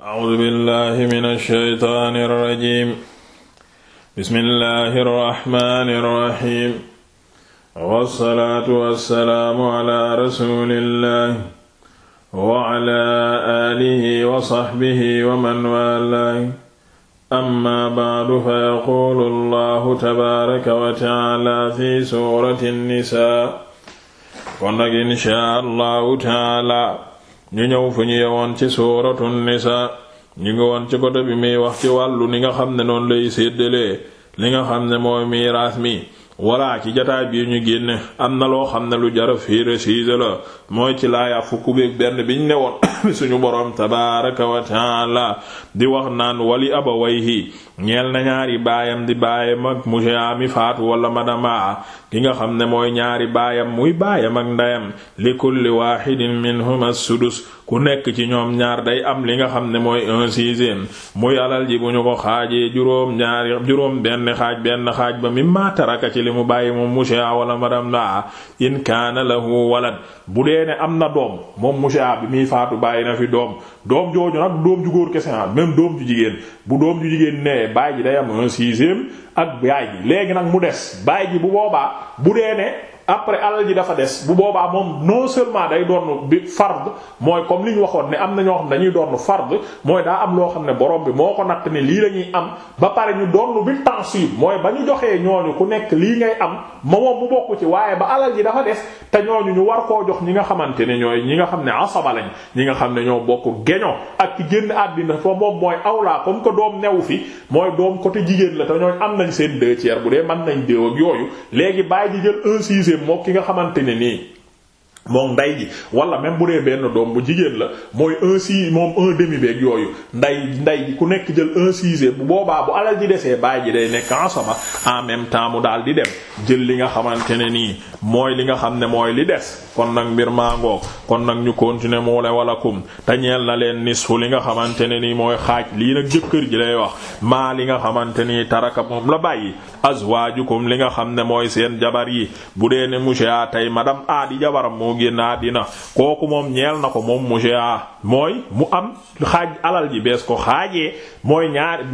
A'uuzu billaahi mina shaytaani rajiim. Bismillaahi rahmaani rahiim. Wassalaatu wassalaamu alaa rasuulillaahi wa alaa aalihi wa sahbihi wa man waalaahu. Ammaa ba'du fa yaquulu Allaahu tabaaraka wa ta'aalaa fi suurati Nisaa. Kon nag inshaa Allahu ta'aalaa. ñu ñëw fu ñu yewoon ci suuratu nisaa ñu ngi woon ci côté bi muy wax ci wàllu li nga xam ne noonu lay séddalee li nga xam ne mooy miiraas mii walla ci jataay bii ñu génne am na loo xam ne lu jara fiire siise la mooy ci laaya fukk beek benn biñ ne woon suñu boroom tabaaraka wa taala di wax naan wali abawayhi ñeel na ñaari baayam di baayam ak monsieur mi faatu wala madama ki nga xam ne mooy ñaari baayam muy baayam ak ndeyam li kulli waahidin minhuma sudus ku nekk ci ñoom ñaar day am li nga xam ne mooy un sixième muy alal ji bu ñu ko xaajee juróom ñaari juróom benn xaaj benn xaaj ba mimma taraka ci li mu bàyyi moom monsieur A wala madame la in kaana lahu walad bu dee ne am na doom moom monsieur A bi muy faatu bàyyi na fi doom doom jooju nag doom ju góor kese ah, même doom ju jigéen bu doom ju jigéen nee baay ji day am un sixième ak baay ji léegi nag mu des baay ji bu boobaa bu dee ne après alal ji dafa des bu boobaa moom non seulement day doon bi fard mooy comme li ñu waxoon ne am na ñoo xam ne dañuy doon fard mooy am loo xam ne borom bi moo ko natt ne lii la ñuy am ba pare ñu doon bi mooy ba ñu joxee ñooñu ku nekk lii ngay am moom bu bokk ba alal ji dafa des te ñooñu ñu war koo jox ñi nga xamante ne ñooy ñi nga xam ne asaba lañ ñi nga xam ne ñoo bokk geño ak ci génn àddina fa moom mooy awlaa comme que doom newu fi mooy doom côté jigéen la te am nañ seen deux tiers dee man nañ déew yooyu léegi bàyyi ji jël un sixième moo ki nga xamante ne nii moom nday ji wala même bu dee benn doom bu jigéen la mooy un moom un yooyu nday nday ku nekk jël un boobaa bu alal ji desee baay ji day nekk en somme en même temps mu daal di dem jël li nga xamante ne nii mooy li nga xam ne mooy li des kon nag mbir maa kon nag ñu continuer mu wala kum te na leen nisfu li nga xamante ne nii mooy xaaj lii nag jëkkër ji lay wax maa li nga xamante nii taraka moom la bàyyi waa azwaajukum li nga xam ne mooy seen jabar yi bu dee ne monsieur a tey madame a di jabaram moo génn àddina kooku moom ñeel na ko moom monsieur A ah, mooy mu am xaaj alal ji bees ko xaajee mooy ñaari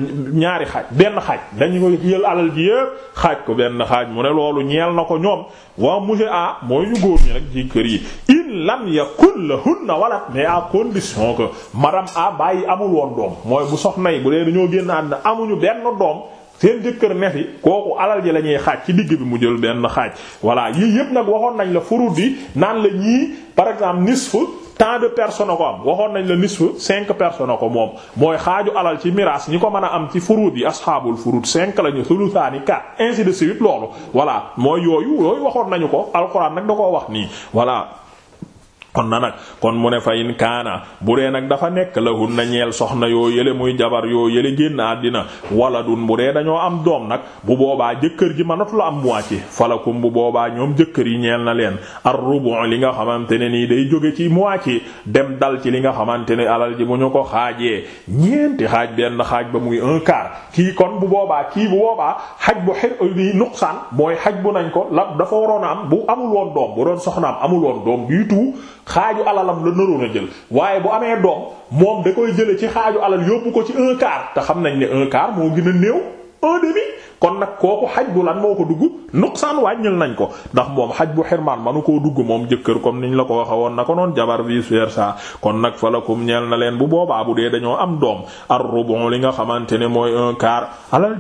ñaari xaaj benn xaaj dañu ko jël alal ji yépp xaaj ko benn xaaj mu ne loolu ñeel na ko ñoom waaw monsieur A ah, mooy ñu góor ñi rek ci kër yi in lam yakun lahunna walad mais à condition que madame A ah, bàyyi amul woon doom mooy bu soxna yi bu dee dañoo génn àddina amuñu benn doom seen jëkkër ne fi kooku alal ji la ñuy xaaj ci digg bi mu jël benn xaaj voilà yii yëpp nag waxoon nañ la furud bi naan la ñii par exemple nisfu tant de personnes ko am waxoon nañ la nisfu cinq personnes ko moom mooy xaaju alal ci miraas ñi ko mën a am ci furuud yi asxaabul furuud cinq lañu sulusaani quatre ainsi de suite loolu voilà mooy yooyu yooyu waxoon nañu ko alxuraan nag da koo wax nii voilà kon na nag kon mu ne fa in kaana bu dee nag dafa nekk la hun na ñeel soxna yoo yële muy jabar yoo yële génn àddina wala dun bu dee dañoo am doom nag bu boobaa jëkkër ji mënatu la am moitié falakum bu boobaa ñoom jëkkër yi ñeel na leen ar-rubu li nga xamante ne nii day jóge ci moitié dem dal ci li nga xamante ne alal ji bu ñu ko xaajee ñeenti xaaj benn xaaj ba muy un kii kon bu boobaa kii bu boobaa xaj bu xir bi nuqsaan mooy xaj bu nañ ko la dafa waroon a bu amul woon doom bu doon soxnaam amul woon doom du xaaju alalam la naroon a jël waaye bu amee doom moom da koy jële ci xaaju alal yóbbu ko ci un quart te xam nañ ne un quart moo gën a néew un kon nag kooku xaj bu lan moo ko dugg nuqsaan wàññil nañ ko ndax moom xaaj bu xirmaan manu koo dugg moom jëkkër comme niñ la ko waxe woon na ko noon jabar vice versa kon nag falakum ñeel na leen bu boobaa bu dañoo am doom ar rubu li nga xamante ne mooy un quart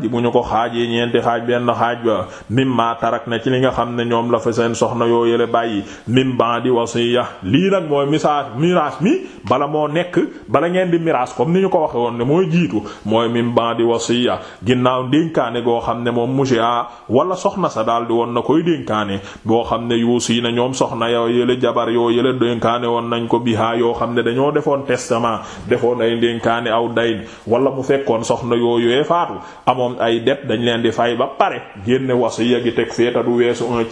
ji bu ñu ko xaajee ñeenti xaaj benn xaaj ba mimma tarak na ci li nga xam ne ñoom la fa seen soxna yoo yële bàyyi mim ban di wasiya lii nag mooy misa miraas mi bala moo nekk bala ngeen di miraas comme ni ñu ko waxee woon ne mooy jiitu mooy mim ban di wasiya ginnaaw dénkaane goo xam ne moom monsieur A wala soxna sa daal di woon na koy dénkaane boo xam ne yuusi na ñoom soxna yoo yële jabar yoo yële dénkaane woon nañ ko bihaa yoo xam ne dañoo defoon testament defoon ay dénkaane aw dayn wala mu fekkoon soxna yooyu yooyee faatu amoon ay det dañ leen di fay ba pare génne wasiya gi teg feeta du weesu un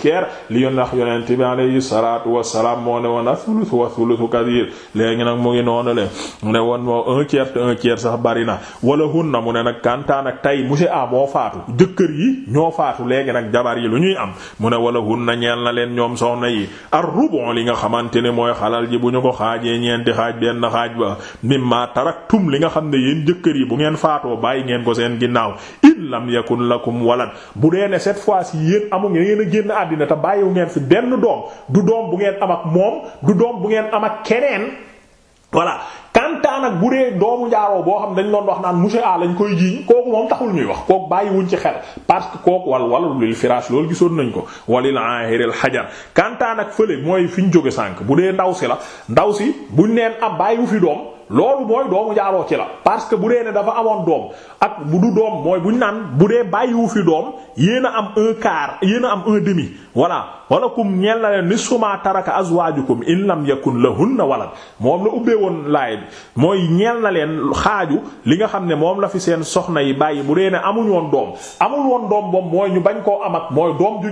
li yoon ndax yonent bi alayhi salaatu wassalaam moo ne woon a thuluth wa thuluthu kathir léegi nag mu ngi noonu le mu ne woon moo un tiers te bari na wala hun na mu ne nag kantaan ak tay monsieur A moo jëkkër yi ñoo faatu léegi nag jabar yi lu ñuy am mu ne wala hun na ñeen na leen ñoom soxna yi ar rubon li nga xamante ne mooy xalal ji bu ñu ko xaajee ñeenti xaaj benn xaaj ba mimma taraktum li nga xam ne yéen jëkkër yi bu ngeen faatoo bàyyi ngeen ko seen ginnaaw in lam yakun lakum walad bu dee ne cette fois ci yéen amu ngeen a génn àddina te bàyyiwu ngeen fi benn doom du doom bu ngeen am ak moom du doom bu ngeen am ak keneen voilà temps nag bu dee doomu njaaroo boo xam dañ loon wax naan monsieur A lañ koy jiiñ kooku moom taxul ñuy wax kooku bàyyi wuñ ci xel parce que kooku wal wal lil firaash loolu gisoon nañ ko walil ahiril xajar kantaan ak fële mooy fi ñu jógee sànk bu dee ndaw si la ndaw si buñ neen am ah, bàyyi wu fi doom loolu mooy doomu jaaroo ci la parce que bu dee ne dafa amoon doom ak bu du doom mooy bu ñu naan bu dee bàyyiwu fi doom yéen a am un quart yéen a am un demi voilà walakum ñeel na leen nisfu ma taraka azwaajukum in lam yakun lahunna walad moom la ubbee woon laay mooy ñeel na leen xaaju li xam ne moom la fi seen soxna yi bàyyi bu dee ne amuñ woon doom amul woon doom boobu mooy ñu bañ koo am ak mooy doom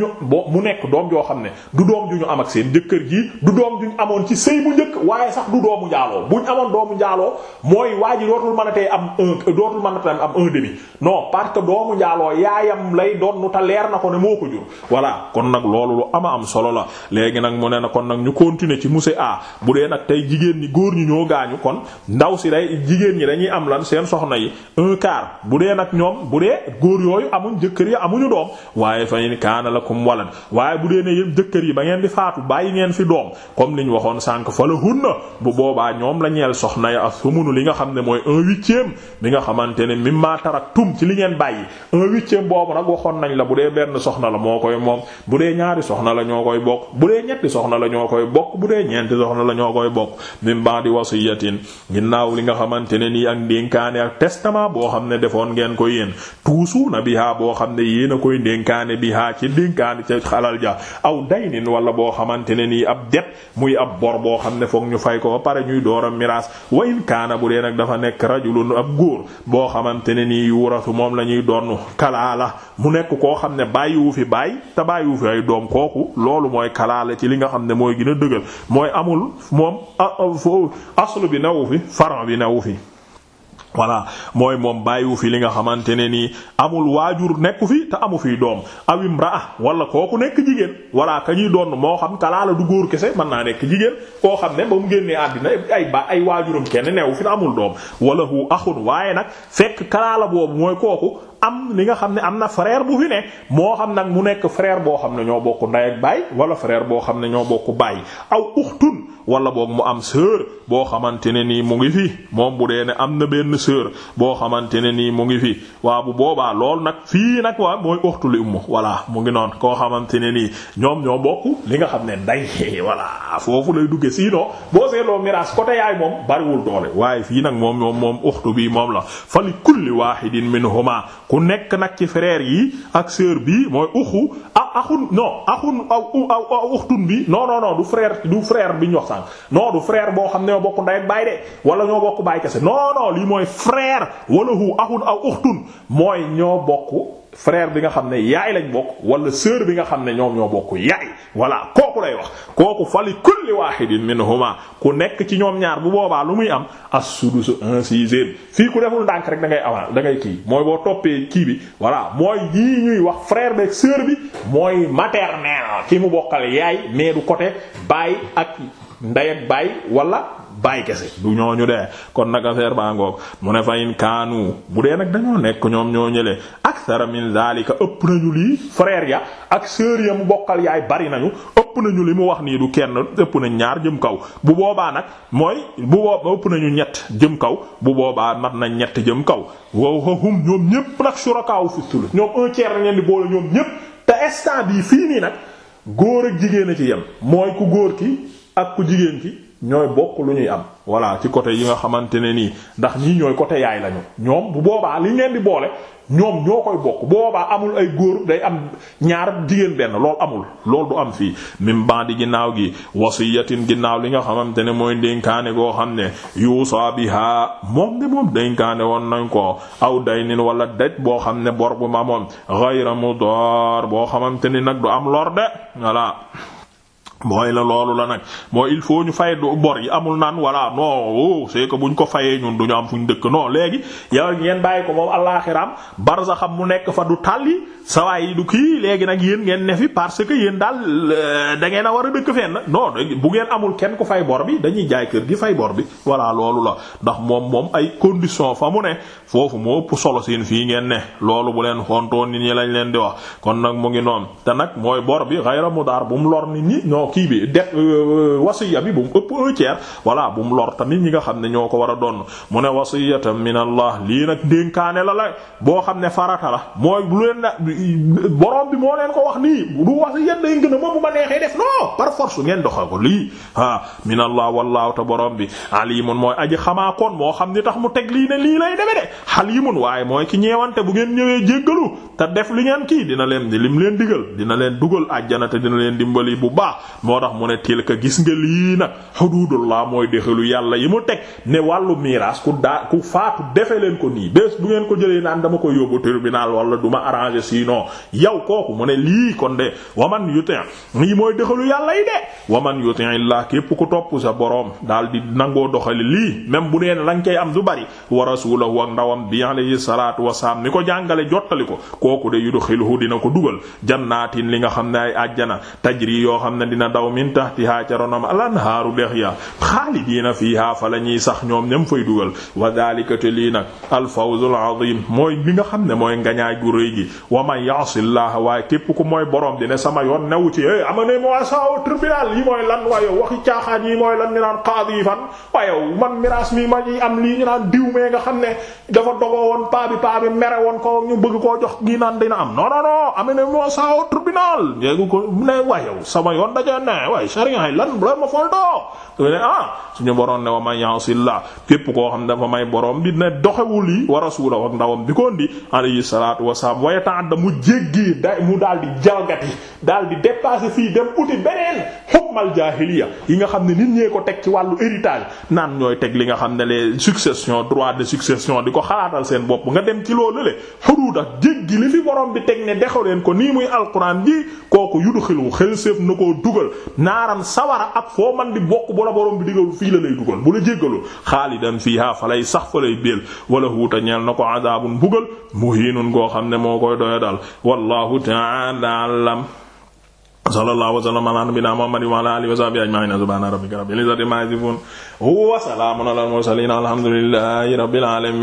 ju nekk doom joo xam ne du doom ju ñu am ak seen jëkkër ji du doom ju amoon ci sëy bu njëkk waaye sax du doomu jaaloo buñ amoon doomu njaaloo mooy waa ji dootul mën a tey am un dootul mën a tey am un demi non parce que doomu njaaloo yaayam lay doon nu ta leer na ko ne moo ko jur voilà kon nag loolu lu ama am solo la léegi nag mu ne na kon nag ñu continuer ci monsieur A bu dee nag tey jigéen ñi góor ñi ñoo gaañu kon ndaw si day jigéen ñi dañuy am la seen soxna yi un quart bu dee nag ñoom bu dee góor yooyu amuñ jëkkër yi amuñu doom waaye fa in kaana lakum walad waaye bu dee ne yéen jëkkër yi ba ngeen di faatu bàyyi ngeen fi doom comme liñ waxoon sànq fa la hunna ya asumunu li nga xam ne mooy un huitième bi nga xamante ne mimma taraktum ci li ngeen bàyyi un huitième boobu nag waxoon nañ la bu dee benn soxna la moo koy moom bu dee ñaari soxna la ñoo koy bokk bu dee ñetti soxna la ñoo koy bokk bu dee ñeenti soxna la ñoo koy bokk mim ba'di wasiyatin ginnaaw li nga xamante ne nii ak ndénkaane ak testament boo xam ne defoon ngeen ko yéen tuusu na bihaa boo xam ne yéen a koy ndénkaane bihaa ci ndénkaane ca xalal ja aw daynin wala boo xamante ne nii ab det muy ab bor boo xam ne fokk ñu ko wa in kaana bu dee nag dafa nekk rajulun ab góor boo xamante ne nii yuurasu moom la ñuy donn kalaala mu nekk koo xam ne bàyyiwu fi bàyyi te bàyyiwu fi ay doom kooku loolu mooy kalaala ci li nga xam ne mooy gën a dëgël mooy amul moom aslu bi newu fi faran bi newu fi voilà mooy moom bàyyiwu fi li nga xamante ne nii amul waajur nekku fi te amu fi doom awim raa wala kooku nekk jigéen voilà ka ñuy doon moo xam kalaala du góor kese mën naa nekk jigéen koo xam ne ba mu génnee àddina ay ba ay waajurum kenn newu fi te amul doom wala hu axun waaye nag fekk kalaala boobu mooy kooku am li nga xam ne am na frère bu fi ne moo xam nag mu nekk frère boo xam ne ñoo bokk ndey ak baay wala frère boo xam ne ñoo bokk baay aw uxtun wala boog mu am sœur boo xamante ne nii mu ngi fi moom bu dee ne am na benn sœur boo xamante ne nii mu ngi fi waa bu boobaa loolu nag fii nag waa mooy li ummu voilà mu ngi noon koo xamante ne nii ñoom ñoo bokk li nga xam ne ndey voilà foofu lay dugge sinon boo seetloo miraas côté yaay moom bariwul doole waaye fii nag moom moom moom uxtu bi moom la fa li kulli wahidin minhuma ku nekk nag ci frère yi ak sœur bi mooy uxu a axun non axun aw uxtun bi non noo non du frère du frère bi ñu wax sànq non du frère boo xam ne ñoo bokk ndey ak baay de wala ñoo bokk baay kese non non lii mooy frère wala hu axun aw uxtun mooy ñoo bokk. frère bi nga xam ne yaay lañ bokk wala sœur bi nga xam ne ñoom ñoo bokk yaay voilà kooku lay wax kooku fali kulli wahidin minhuma ku nekk ci ñoom ñaar bu boobaa lu muy am as-sudus un sixième fii ku deful ndànk rek da ngay avan da ngay kii mooy boo toppee kii bi voilà mooy yii ñuy wax frère bi ak sœur bi mooy maternel ki mu bokkal yaay mais du côté baay ak ndey ak baay wala bàyyi kese du ñooñu dee kon nag affaire baa mu ne fayin kaanu bu dee nag dañoo nekk ñoom ñoo ñële akthara min zalika ëpp nañu lii frère ya ak sœur ya mu bokkal yaay bari nañu ëpp nañu li mu wax nii du kenn ëpp nañ ñaar jëm kaw bu boobaa nag mooy bu boobaa ëpp nañu ñett jëm kaw bu boobaa mat nañ ñett jëm kaw wow hum ñoom ñépp nag shurakaaw fi sulus ñoom un tiers ngeen di boole ñoom ñépp te instant bii fii nii nag góor ak jigéen a ci yem mooy ku góor ki ku jigéen ki ñooy bokk lu ñuy am voilà ci côté yi nga xamante ne nii ndax ñii ñooy côté yaay lañu ñoom bu boobaa li ngeen di boole ñoom ñoo koy bokk boobaa amul ay góor day am ñaar jigéen benn lool amul lool du am fii mim ban di ginnaaw gi wasiyatin ginnaaw li nga xamante ne mooy ndénkaane goo xam ne yuusa biha moom de moom dénkaane woon nañ ko aw daynin wala daj boo xam ne bor bu ma moom ghayra mudar boo xamante ni nag du am lor de voilà mooy la loolu la nag moo il faut ñu fay bor yi amul naan voilà non oh, c'est bu buñ ko fayee ñun duñu am ñu dëkk noo léegi yow ngeen bàyyi ko moom sa xam mu nekk fa du sa sawaay yi du kii léegi nag yéen ngeen ne fi parce que yéen daal euh, da ngeen a war a dëkk fenn non bu ngeen amul kenn ku fay bor bi dañuy jaay kër gi fay bor bi voilà loolu la ndax moom moom ay condition fa mu ne foofu moo ëpp solo seen fii ngeen ne loolu bu leen xontoon nit ñi lañ leen di wax kon nag mu ngi noonu kii bi de euh, euh, wasiya bi bu mu ëpp un tiers voilà bu mu lor tamit ñi nga xam ne ñoo ko war a donn mu ne wasiyatan min allah lii nag dénkaane la la boo xam ne farata la mooy bu leen na borom bi moo leen ko wax nii du wasiya day gën a moom ma neexee def non par force ngeen doxal ko lii ah min allah wallahu ta borom bi alimun mooy aji xamaa kon moo xam ni tax mu teg lii ne lii lay deme de halimun waaye mooy ki ñeewante bu ngeen ñëwee jéggalu te def li ngeen kii dina leen lim leen digal dina leen dugal àjjana te dina leen dimbali bu baax moo tax mu ne tilka gis nga lii nag xuduudullah mooy dexalu yàlla yi mu teg ne wàllu miraas ku daa ku faatu defe leen ko nii bés bu ngeen ko jëlee naan dama ko yóbbu tribunal wala du ma arrangé sinon yow kooku mu ne lii kon de waman yuti lii mooy dexalu yàlla yi de waman yuti illah képp ku topp sa boroom daal di nangoo doxali lii même bu nee lañ cay am du bari wa rasulahu ak ndawam bi alayhi salaatu wasalaam ni ko jàngale jottali ko kooku de yudxilhu dina ko dugal jannaatin dina daw min tahtiha ca ronom alanhaaru dex ya xaalidiina fiiha fa la sax ñoom ñam fay dugal wa daalika te lii nag alfawzul azim mooy li nga xam ne mooy ngañaay gu rëy gi wa man yaasillaha waaye képp ku mooy borom di ne sama yoon newu ci é eh, ama ne moo sao tribunal yi mooy lan waaye waxi caaxaan yi mooy lan ñu naan qaadi yi fan waaye man miraas mi ma ci am lii ñu naan diw mee nga xam ne dafa dogoo woon paa bi paa bi mere woon ko ñu bëgg koo jox gi naan dina am non non non ama ne moo sao tribunal yéegu ko ne waaye sama yoon dajo ne waaye sharia yi lan lan ma foltoo ne ah suñu boroom ne wa may yansilla képp koo xam dafa may borom bi ne doxewul yi wa rasuula ak ndawam bi koon di alayhi salaatu wasalaam waye taat da mu jéggee da mu daal di jalgati daal di dépasser fii dem uti beneen hukmal jaahiliya yi nga xam ne nit ñee ko teg ci wàllu héritage naan ñooy teg li nga xam ne les succession droit de succession di ko xalaatal seen bopp nga dem ci loolu le xuduud ak jéggi li dugal naaran sawara ak foo man di bokk bu la borom bi digal fii la lay dugal bu la jéggalul xaalidan fiiha fa lay sax fa lay béel wala huuta ñeel na ko adaabun bugal muhiinun goo xam ne moo koy doya dal wallahu ta'ala alam sallallahu wa sallam ala nabina muhammadin wa ala alihi wa sahbihi ajma'in subhana rabbika rabbil izzati ma yasifun wa salamun ala al mursalin alhamdulillahi rabbil alamin